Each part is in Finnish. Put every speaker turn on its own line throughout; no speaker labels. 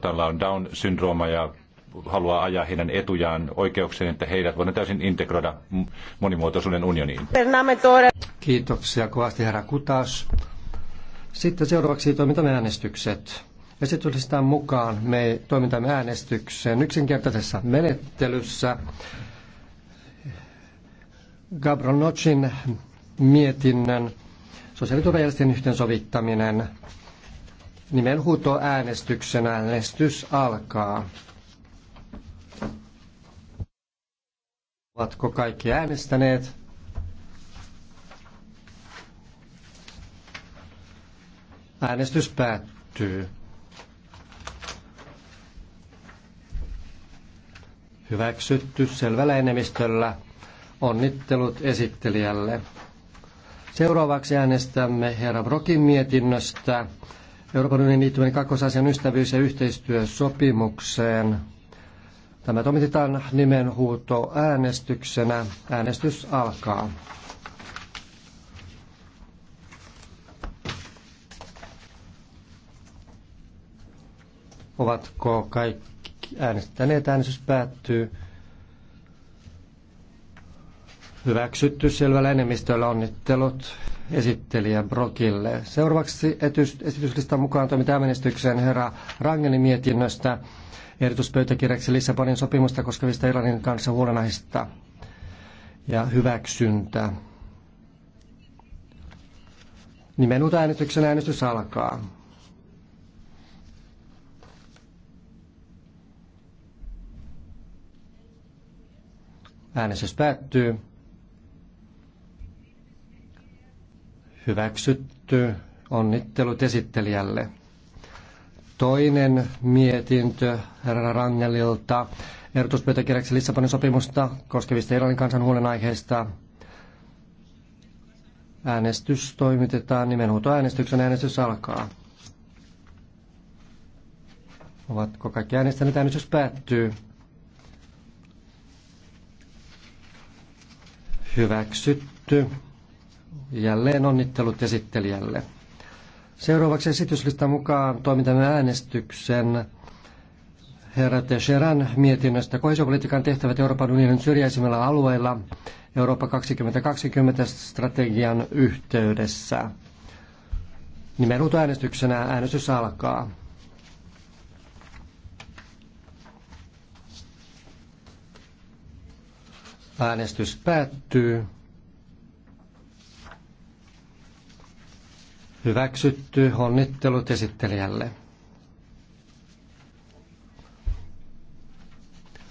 tällä on Down-syndrooma ja haluaa ajaa heidän etujaan oikeuksien, että heidät voidaan täysin integroida monimuotoisuuden unioniin. Kiitoksia kovasti herra Kutas. Sitten seuraavaksi toimintamme äänestykset. Esityslistan mukaan me toimintamme äänestykseen yksinkertaisessa menettelyssä. Nochin mietinnän sosiaaliturvajärjestelmän yhteensovittaminen Nimenhuuto äänestyksen äänestys alkaa. Ovatko kaikki äänestäneet? Äänestys päättyy. Hyväksytty selvällä enemmistöllä. Onnittelut esittelijälle. Seuraavaksi äänestämme herra Brokin mietinnöstä. Euroopan unionin liittyminen kakkosasian ystävyys- ja yhteistyösopimukseen. Tämä toimitetaan nimenhuuto äänestyksenä. Äänestys alkaa. Ovatko kaikki äänestäneet? Äänestys päättyy. Hyväksytty selvällä enemmistöllä onnittelut esittelijä Brokille. Seuraavaksi esityslistan mukaan toimitaan menestykseen herra Rangelin mietinnöstä ehdotuspöytäkirjaksi Lissabonin sopimusta koskevista Iranin kanssa huolenaista ja hyväksyntä. Nimenuuta äänestyksen äänestys alkaa. Äänestys päättyy. Hyväksytty. Onnittelut esittelijälle. Toinen mietintö herra Rangelilta. Ehdotuspöytäkirjaksi Lissabonin sopimusta koskevista Iranin kansan huolenaiheista. Äänestys toimitetaan nimenhuutoäänestyksen. Äänestys alkaa. Ovatko kaikki äänestäneet? Äänestys päättyy. Hyväksytty. Jälleen onnittelut esittelijälle. Seuraavaksi esityslistan mukaan toimitamme äänestyksen herra Teixeran mietinnöstä Koisopolitiikan tehtävät Euroopan unionin syrjäisimmillä alueilla Eurooppa 2020 strategian yhteydessä. Nimenhuuto äänestyksenä äänestys alkaa. Äänestys päättyy. Hyväksytty. Onnittelut esittelijälle.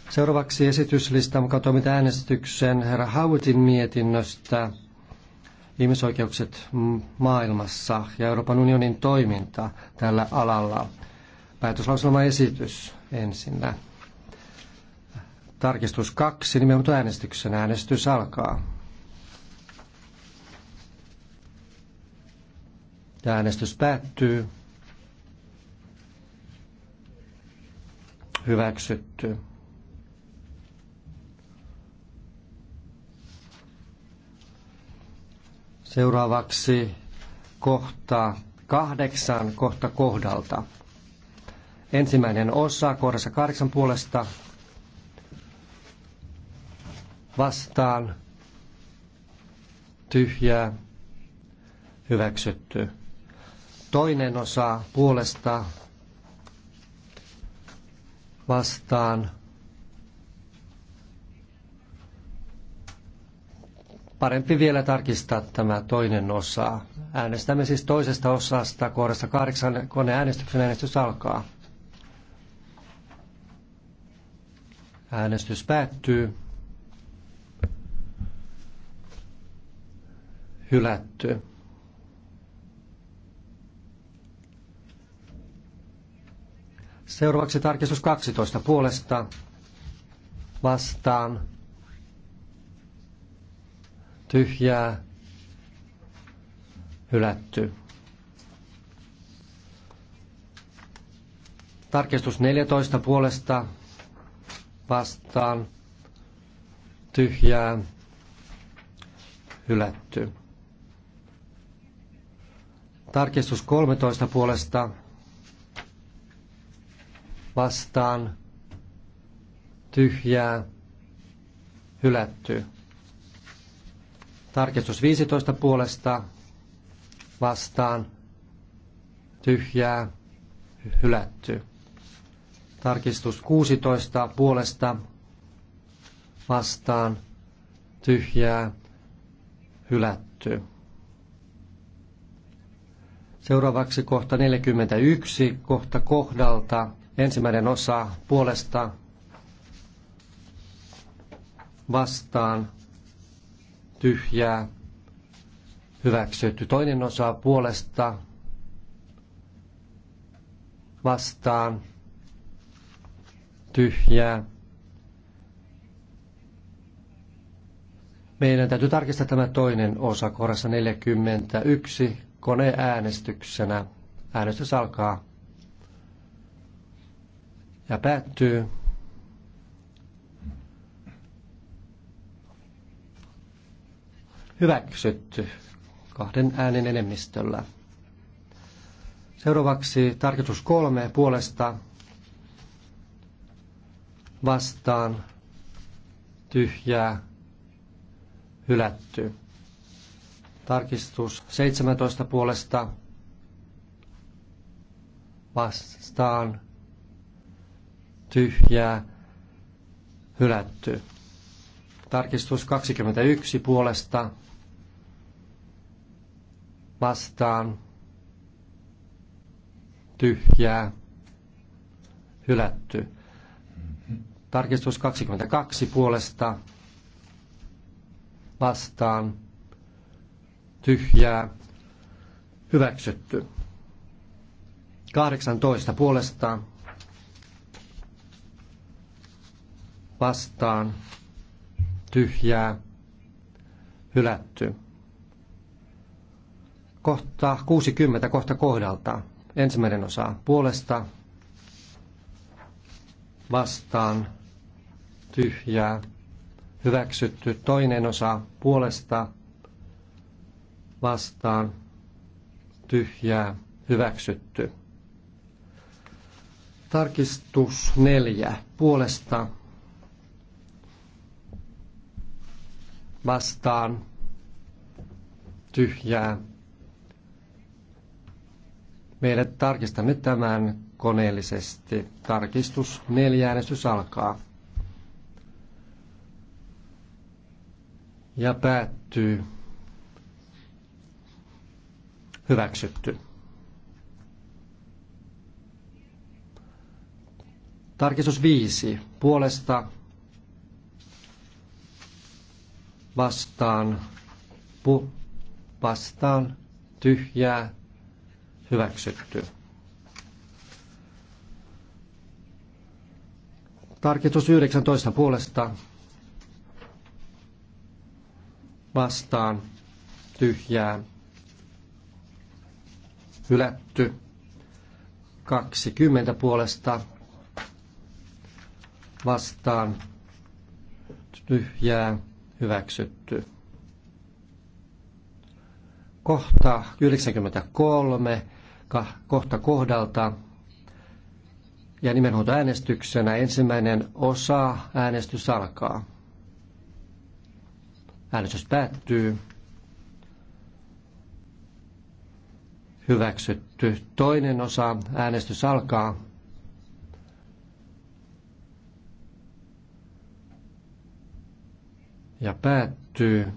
Seuraavaksi esityslistan mukaan toimita äänestyksen herra Hautin mietinnöstä ihmisoikeukset maailmassa ja Euroopan unionin toiminta tällä alalla. Päätöslauselma esitys ensinnä. Tarkistus kaksi, nimenomaan äänestyksen äänestys alkaa. Ja äänestys päättyy. Hyväksytty. Seuraavaksi kohta kahdeksan kohta kohdalta. Ensimmäinen osa kohdassa kahdeksan puolesta vastaan tyhjää hyväksytty. Toinen osa puolesta vastaan parempi vielä tarkistaa tämä toinen osa. Äänestämme siis toisesta osasta kohdassa kahdeksan koneäänestyksen äänestys alkaa. Äänestys päättyy. Hylätty. Seuraavaksi tarkistus 12 puolesta vastaan tyhjää hylätty. Tarkistus 14 puolesta vastaan tyhjää hylätty. Tarkistus 13 puolesta vastaan tyhjää hylätty. Tarkistus 15 puolesta vastaan tyhjää hylätty. Tarkistus 16 puolesta vastaan tyhjää hylätty. Seuraavaksi kohta 41, kohta kohdalta Ensimmäinen osa puolesta vastaan tyhjää hyväksytty. Toinen osa puolesta vastaan tyhjää. Meidän täytyy tarkistaa tämä toinen osa kohdassa 41 koneäänestyksenä. Äänestys alkaa ja päättyy. Hyväksytty kahden äänen enemmistöllä. Seuraavaksi tarkistus kolme puolesta vastaan tyhjää hylätty. Tarkistus 17 puolesta vastaan tyhjää, hylätty. Tarkistus 21 puolesta vastaan tyhjää, hylätty. Tarkistus 22 puolesta vastaan tyhjää, hyväksytty. 18 puolesta vastaan tyhjää hylätty. Kohta 60 kohta kohdalta. Ensimmäinen osa puolesta vastaan tyhjää hyväksytty. Toinen osa puolesta vastaan tyhjää hyväksytty. Tarkistus neljä puolesta vastaan tyhjää. Meille tarkistamme tämän koneellisesti. Tarkistus neljä äänestys alkaa. Ja päättyy. Hyväksytty. Tarkistus viisi Puolesta vastaan, pu, vastaan, tyhjää, hyväksytty. Tarkistus 19 puolesta vastaan, tyhjää, hylätty. 20 puolesta vastaan, tyhjää, hyväksytty. Kohta 93, kohta kohdalta ja äänestyksenä ensimmäinen osa äänestys alkaa. Äänestys päättyy. Hyväksytty. Toinen osa äänestys alkaa. ja päättyy.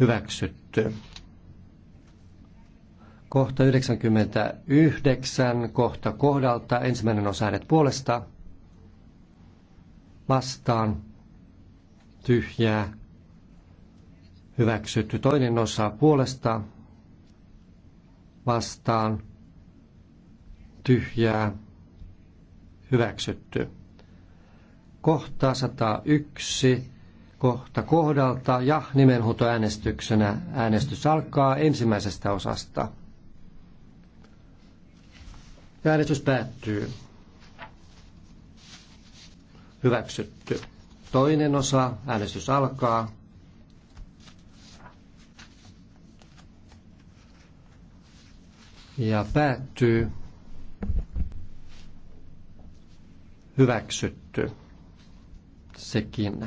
Hyväksytty. Kohta 99, kohta kohdalta, ensimmäinen osa äänet puolesta. Vastaan. Tyhjää. Hyväksytty. Toinen osa puolesta. Vastaan. Tyhjää. Hyväksytty kohtaa 101 kohta kohdalta ja nimenhuutoäänestyksenä äänestys alkaa ensimmäisestä osasta. Äänestys päättyy. Hyväksytty. Toinen osa, äänestys alkaa. Ja päättyy. Hyväksytty sekin.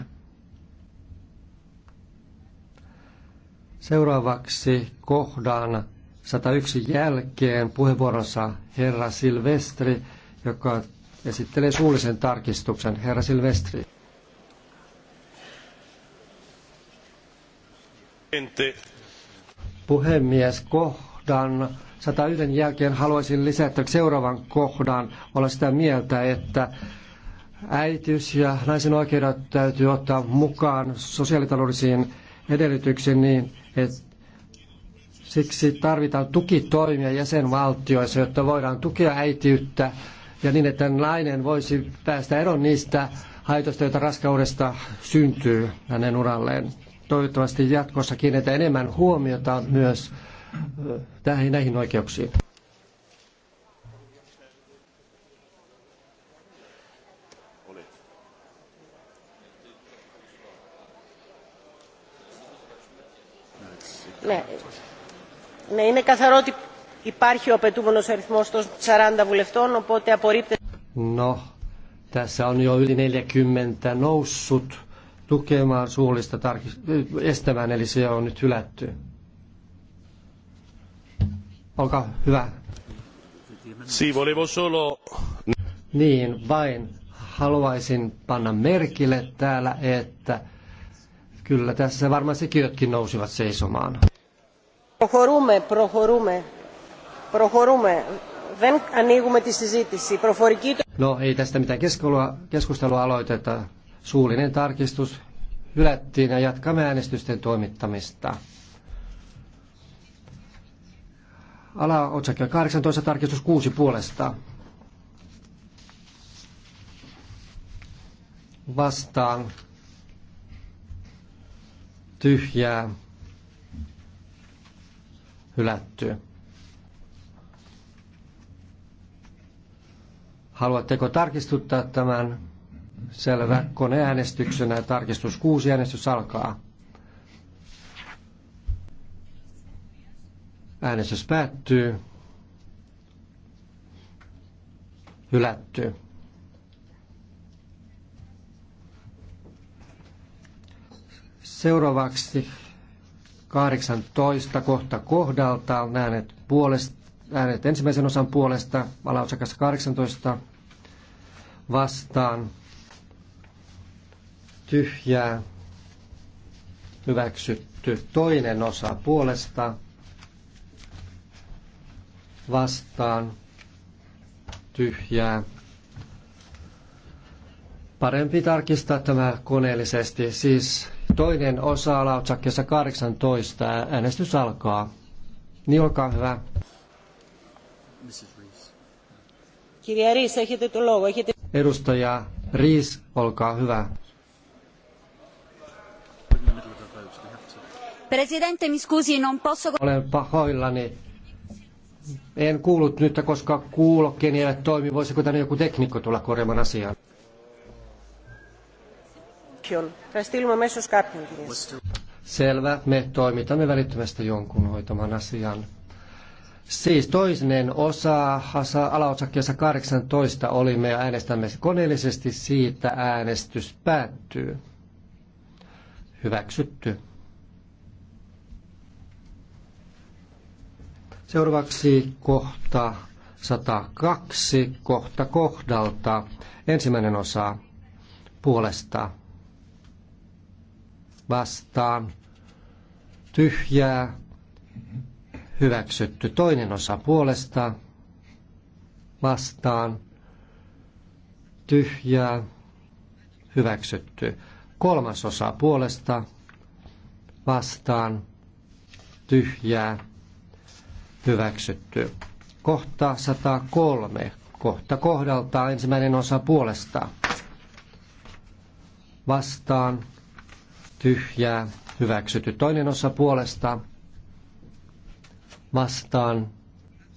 Seuraavaksi kohdan 101 jälkeen puheenvuoronsa herra Silvestri, joka esittelee suullisen tarkistuksen. Herra Silvestri. Puhemies, kohdan 101 jälkeen haluaisin lisätä seuraavan kohdan olla sitä mieltä, että äitiys ja naisen oikeudet täytyy ottaa mukaan sosiaalitaloudellisiin edellytyksiin niin, että siksi tarvitaan tukitoimia jäsenvaltioissa, jotta voidaan tukea äitiyttä ja niin, että nainen voisi päästä eroon niistä haitoista, joita raskaudesta syntyy hänen uralleen. Toivottavasti jatkossa kiinnitetään enemmän huomiota myös äh, näihin oikeuksiin. είναι καθαρό ότι υπάρχει ο απαιτούμενος αριθμός των 40 βουλευτών, οπότε απορρίπτεται. No, tässä on jo yli 40 noussut tukemaan suullista tarkist- eh, estämään, eli se on nyt hylätty. Olkaa hyvä. Si, volevo solo... Niin, vain haluaisin panna merkille täällä, että kyllä tässä varmaan sekiötkin nousivat seisomaan. No ei tästä mitään keskustelua, keskustelua aloiteta. Suullinen tarkistus hylättiin ja jatkamme äänestysten toimittamista. Ala otsakkeen 18 tarkistus 6 puolesta. Vastaan. Tyhjää hylätty. Haluatteko tarkistuttaa tämän? Selvä. Koneäänestyksenä tarkistus 6 äänestys alkaa. Äänestys päättyy. Hylätty. Seuraavaksi 18 kohta kohdalta äänet, puolesta, äänet ensimmäisen osan puolesta, alaosakas 18 vastaan, tyhjää, hyväksytty toinen osa puolesta, vastaan, tyhjää. Parempi tarkistaa tämä koneellisesti, siis Toinen osa lautsakkeessa 18. Äänestys alkaa. Niin olkaa hyvä. Kirja Riis, έχετε το λόγο. Έχετε... Edustaja Riis, olkaa hyvä. Presidente, mi scusi, non posso... Olen pahoillani. En kuullut nyt, koska kuulokkeeni eivät toimi. Voisiko tänne joku teknikko tulla korjaamaan asiaa? Selvä, me toimitamme välittömästi jonkun hoitaman asian. Siis toinen osa alaotsakkeessa 18 olimme ja äänestämme koneellisesti siitä äänestys päättyy. Hyväksytty. Seuraavaksi kohta 102 kohta kohdalta. Ensimmäinen osa puolesta vastaan tyhjää hyväksytty. Toinen osa puolesta vastaan tyhjää hyväksytty. Kolmas osa puolesta vastaan tyhjää hyväksytty. Kohta 103. Kohta kohdalta ensimmäinen osa puolesta vastaan tyhjää hyväksytty. Toinen osa puolesta vastaan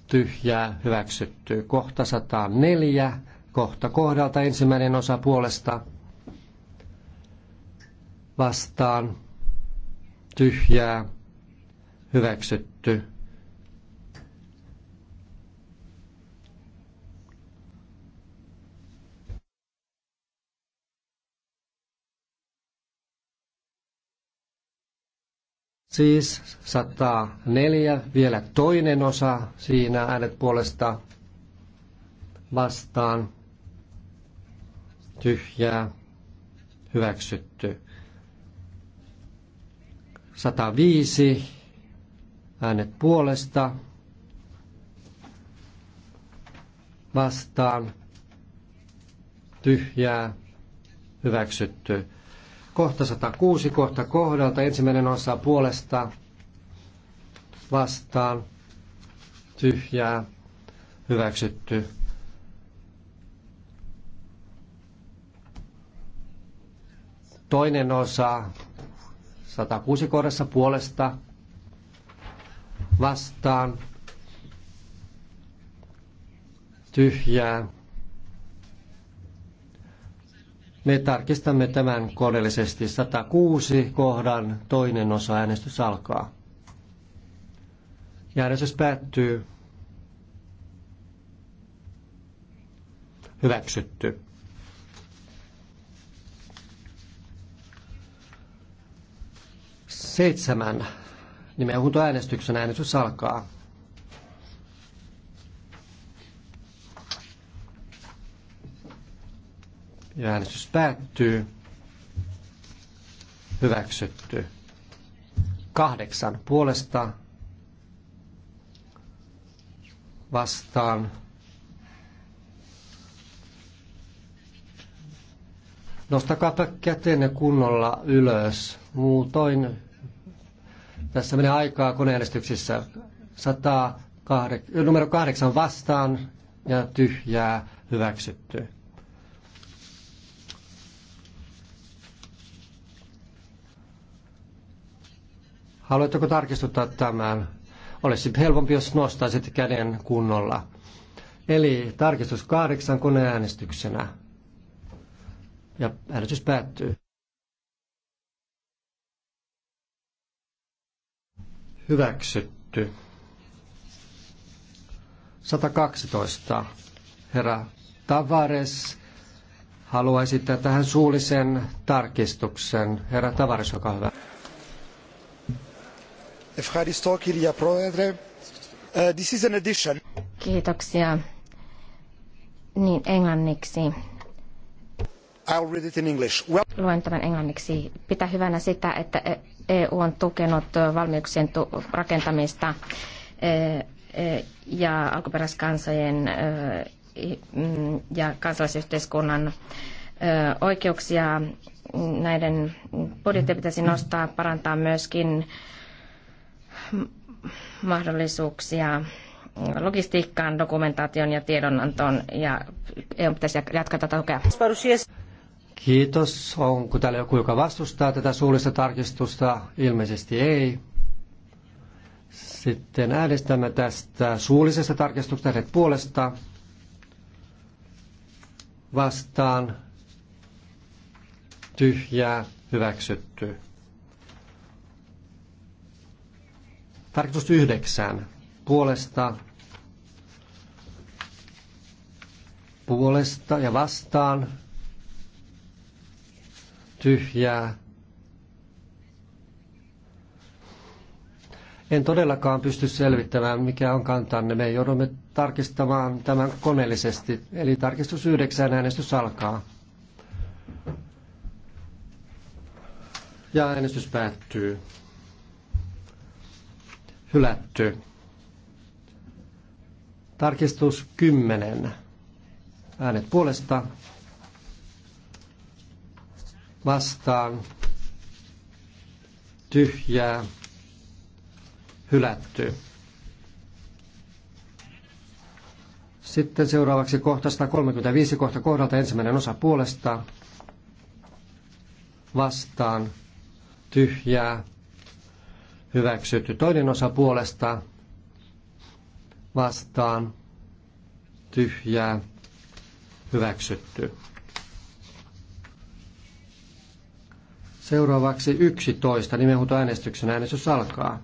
tyhjää hyväksytty. Kohta 104, kohta kohdalta ensimmäinen osa puolesta vastaan tyhjää hyväksytty. Siis 104, vielä toinen osa siinä äänet puolesta vastaan. Tyhjää, hyväksytty. 105, äänet puolesta vastaan. Tyhjää, hyväksytty kohta 106 kohta kohdalta. Ensimmäinen osa puolesta vastaan tyhjää hyväksytty. Toinen osa 106 kohdassa puolesta vastaan tyhjää me tarkistamme tämän koneellisesti 106 kohdan toinen osa äänestys alkaa. Ja äänestys päättyy. Hyväksytty. Seitsemän. Nimenhuuntoäänestyksen äänestys alkaa. Ja äänestys päättyy. Hyväksytty. Kahdeksan puolesta vastaan. Nostakaa kätenne kunnolla ylös. Muutoin tässä menee aikaa koneellistyksissä. numero kahdeksan vastaan ja tyhjää hyväksytty. Haluatteko tarkistuttaa tämän? Olisi helpompi, jos nostaisit käden kunnolla. Eli tarkistus kahdeksan koneäänestyksenä. Ja äänestys päättyy. Hyväksytty. 112. Herra Tavares haluaisi tähän suullisen tarkistuksen. Herra Tavares, olkaa hyvä. Ευχαριστώ κυρία Πρόεδρε. This is an addition. Kiitoksia. Niin, englanniksi. I'll read it in English. Well... Luen tämän englanniksi. Pitää hyvänä sitä, että EU e on tukenut valmiuksien rakentamista e- e- ja alkuperäiskansojen mm, ja kansalaisyhteiskunnan oikeuksia. Näiden budjettia pitäisi nostaa, parantaa myöskin mahdollisuuksia logistiikkaan, dokumentaation ja tiedonantoon ja EU pitäisi jatkaa tätä tukea. Kiitos. Onko täällä joku, joka vastustaa tätä suullista tarkistusta? Ilmeisesti ei. Sitten äänestämme tästä suullisesta tarkistuksesta hänet puolesta vastaan tyhjää hyväksytty. Tarkoitus yhdeksän puolesta, puolesta ja vastaan tyhjää. En todellakaan pysty selvittämään, mikä on kantanne. Me joudumme tarkistamaan tämän koneellisesti. Eli tarkistus yhdeksän äänestys alkaa. Ja äänestys päättyy hylätty. Tarkistus 10. Äänet puolesta. Vastaan. Tyhjää. Hylätty. Sitten seuraavaksi kohta 135 kohta kohdalta ensimmäinen osa puolesta. Vastaan. Tyhjää hyväksytty. Toinen osa puolesta vastaan tyhjää hyväksytty. Seuraavaksi 11. Nimenhuutoäänestyksen äänestys alkaa.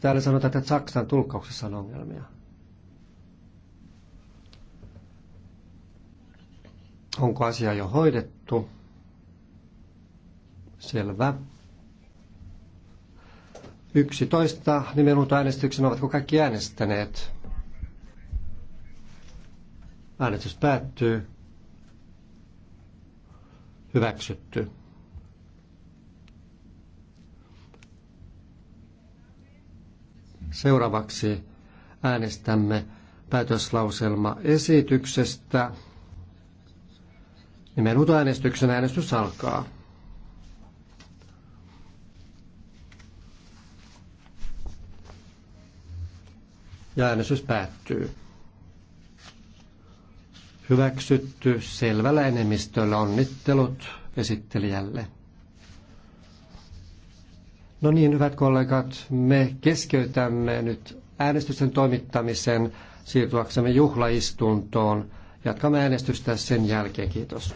täällä sanotaan, että Saksan tulkkauksessa on ongelmia. Onko asia jo hoidettu? Selvä. toista nimenhuuto äänestyksen, ovatko kaikki äänestäneet? Äänestys päättyy. Hyväksytty. Seuraavaksi äänestämme päätöslauselmaesityksestä. Nimenhuuto äänestyksen äänestys alkaa. Ja äänestys päättyy. Hyväksytty selvällä enemmistöllä onnittelut esittelijälle. No niin, hyvät kollegat, me keskeytämme nyt äänestysten toimittamisen siirtyäksemme juhlaistuntoon. Jatkamme äänestystä sen jälkeen. Kiitos.